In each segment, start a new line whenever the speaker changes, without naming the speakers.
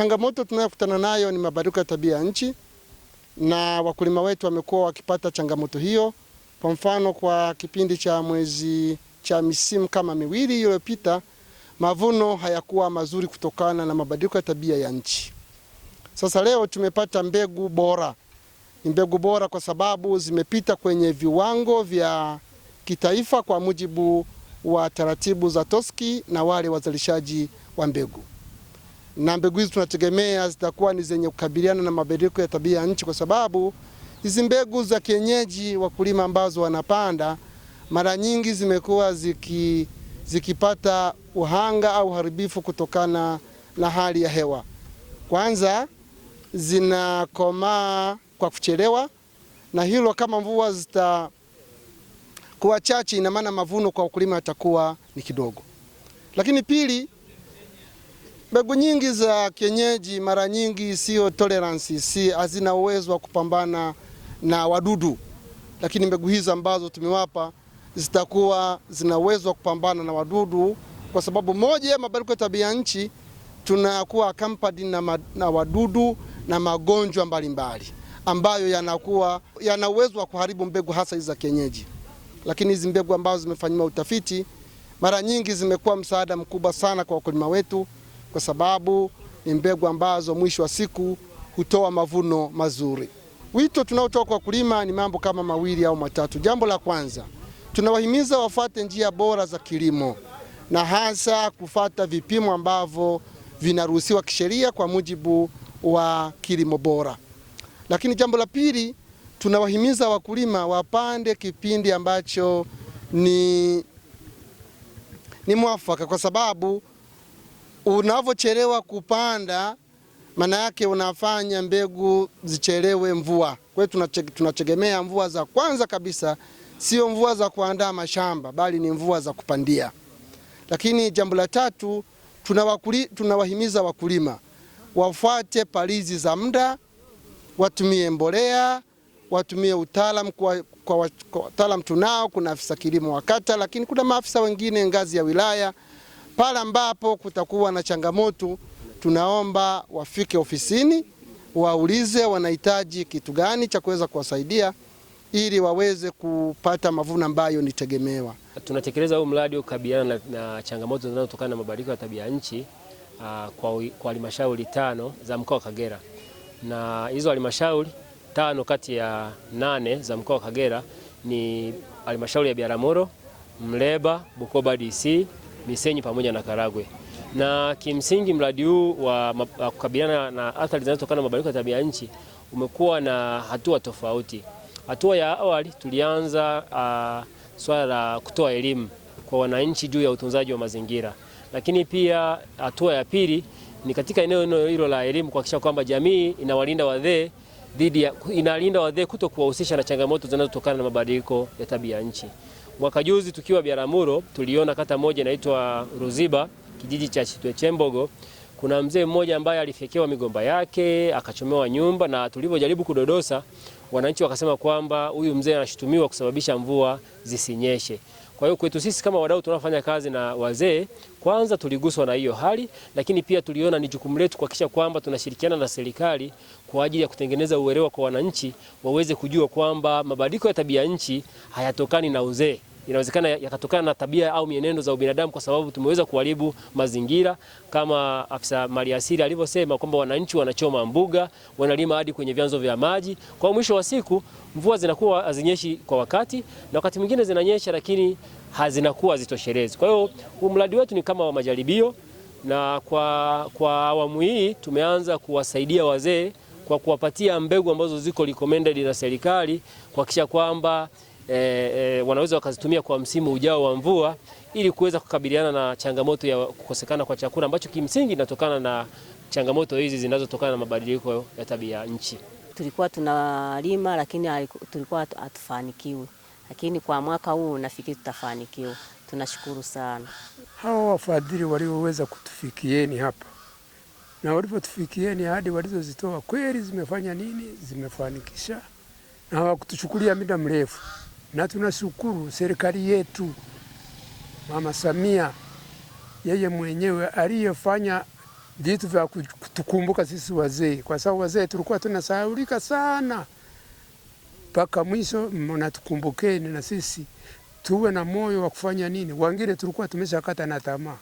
Changamoto tunayokutana nayo ni mabadiliko ya tabia ya nchi, na wakulima wetu wamekuwa wakipata changamoto hiyo. Kwa mfano, kwa kipindi cha mwezi cha misimu kama miwili iliyopita, mavuno hayakuwa mazuri kutokana na mabadiliko ya tabia ya nchi. Sasa leo tumepata mbegu bora, ni mbegu bora kwa sababu zimepita kwenye viwango vya kitaifa kwa mujibu wa taratibu za TOSCI na wale wazalishaji wa mbegu na mbegu hizi tunategemea zitakuwa ni zenye kukabiliana na mabadiliko ya tabia ya nchi, kwa sababu hizi mbegu za kienyeji wakulima ambazo wanapanda mara nyingi zimekuwa ziki, zikipata uhanga au uharibifu kutokana na hali ya hewa. Kwanza zinakomaa kwa kuchelewa, na hilo kama mvua zitakuwa chache, ina maana mavuno kwa wakulima yatakuwa ni kidogo. Lakini pili Mbegu nyingi za kienyeji mara nyingi sio tolerance, si hazina uwezo wa kupambana na wadudu, lakini mbegu hizi ambazo tumewapa zitakuwa zina uwezo wa kupambana na wadudu, kwa sababu moja ya mabadiliko ya tabia nchi tunakuwa accompanied na, na wadudu na magonjwa mbalimbali ambayo yanakuwa yana uwezo wa kuharibu mbegu hasa hizi za kienyeji. Lakini hizi mbegu ambazo zimefanyiwa utafiti mara nyingi zimekuwa msaada mkubwa sana kwa wakulima wetu kwa sababu ni mbegu ambazo mwisho wa siku hutoa mavuno mazuri. Wito tunaotoa kwa wakulima ni mambo kama mawili au matatu. Jambo la kwanza, tunawahimiza wafate njia bora za kilimo na hasa kufata vipimo ambavyo vinaruhusiwa kisheria kwa mujibu wa kilimo bora. Lakini jambo la pili, tunawahimiza wakulima wapande kipindi ambacho ni, ni mwafaka kwa sababu unavyochelewa kupanda, maana yake unafanya mbegu zichelewe mvua. Kwa hiyo tunategemea mvua za kwanza kabisa sio mvua za kuandaa mashamba, bali ni mvua za kupandia. Lakini jambo la tatu, tunawahimiza wakulima wafuate palizi za muda, watumie mbolea, watumie utaalam kwa, kwa, kwa wataalam tunao. Kuna afisa kilimo wa kata, lakini kuna maafisa wengine ngazi ya wilaya. Pale ambapo kutakuwa na changamoto, tunaomba wafike ofisini, waulize wanahitaji kitu gani cha kuweza kuwasaidia ili waweze kupata mavuno ambayo ni tegemewa.
Tunatekeleza huu mradi ukabiliana na, na changamoto zinazotokana na mabadiliko ya tabia nchi uh, kwa halmashauri tano za mkoa wa Kagera, na hizo halmashauri tano kati ya nane za mkoa wa Kagera ni halmashauri ya Biaramoro, Mleba, Bukoba DC Misenyi pamoja na Karagwe. Na kimsingi mradi huu wa kukabiliana na athari zinazotokana na mabadiliko ya tabia nchi umekuwa na hatua tofauti. Hatua ya awali tulianza uh, swala la kutoa elimu kwa wananchi juu ya utunzaji wa mazingira, lakini pia hatua ya pili ni katika eneo hilo la elimu kuhakikisha kwamba jamii inawalinda wazee dhidi ya inalinda wadhee kuto kuwahusisha na changamoto zinazotokana na mabadiliko ya tabia nchi. Mwaka juzi tukiwa Biaramuro tuliona kata moja inaitwa Ruziba, kijiji cha Chitwe Chembogo, kuna mzee mmoja ambaye alifyekewa migomba yake akachomewa nyumba, na tulivyojaribu kudodosa, wananchi wakasema kwamba huyu mzee anashutumiwa kusababisha mvua zisinyeshe. Kwa hiyo kwetu sisi kama wadau tunaofanya kazi na wazee, kwanza tuliguswa na hiyo hali, lakini pia tuliona ni jukumu letu kuhakikisha kwamba tunashirikiana na serikali kwa ajili ya kutengeneza uelewa kwa wananchi, waweze kujua kwamba mabadiliko ya tabia nchi hayatokani na uzee inawezekana yakatokana na tabia au mienendo za ubinadamu, kwa sababu tumeweza kuharibu mazingira kama afisa maliasili alivyosema kwamba wananchi wanachoma mbuga, wanalima hadi kwenye vyanzo vya maji. Kwa mwisho wa siku mvua zinakuwa hazinyeshi kwa wakati na wakati mwingine zinanyesha, lakini hazinakuwa zitoshelezi Kwa hiyo mradi wetu ni kama wa majaribio, na kwa, kwa awamu hii tumeanza kuwasaidia wazee kwa kuwapatia mbegu ambazo ziko recommended na serikali kuhakikisha kwamba e, e, wanaweza wakazitumia kwa msimu ujao wa mvua ili kuweza kukabiliana na changamoto ya kukosekana kwa chakula ambacho kimsingi inatokana na changamoto hizi zinazotokana na mabadiliko ya tabia nchi.
Tulikuwa tunalima lakini tulikuwa hatufanikiwi, lakini kwa mwaka huu nafikiri tutafanikiwa. Tunashukuru sana
hawa wafadhili walioweza kutufikieni hapa na walivyotufikieni ahadi walizozitoa kweli zimefanya nini, zimefanikisha na hawakutuchukulia muda mrefu na tunashukuru serikali yetu Mama Samia, yeye mwenyewe aliyefanya vitu vya kutukumbuka sisi wazee, kwa sababu wazee tulikuwa tunasahaulika sana. Mpaka mwisho mnatukumbukeni na sisi tuwe na moyo wa kufanya nini. Wengine tulikuwa tumeshakata na tamaa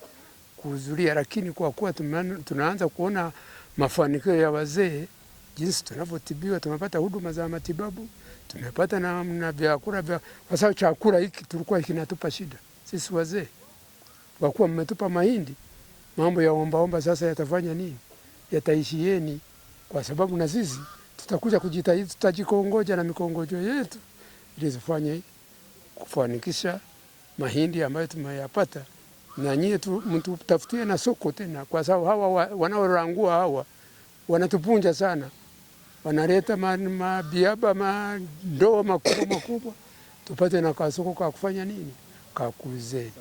kuhudhuria, lakini kwa kuwa tunaanza kuona mafanikio ya wazee jinsi tunavyotibiwa, tumepata huduma za matibabu, tumepata na, na vyakula vya kwa sababu chakula hiki tulikuwa kinatupa shida sisi wazee, kwa kuwa mmetupa mahindi. Mambo ya omba omba sasa yatafanya nini? Yataishieni, kwa sababu na sisi tutakuja kujitahidi, tutajikongoja na mikongojo yetu ili zifanye kufanikisha mahindi ambayo tumeyapata, na nyie mtutafutie na soko tena, kwa sababu hawa wanaorangua hawa wanatupunja sana wanaleta mabiaba mandoo makubwa makubwa, tupate na kasoko ka kufanya nini, kakuze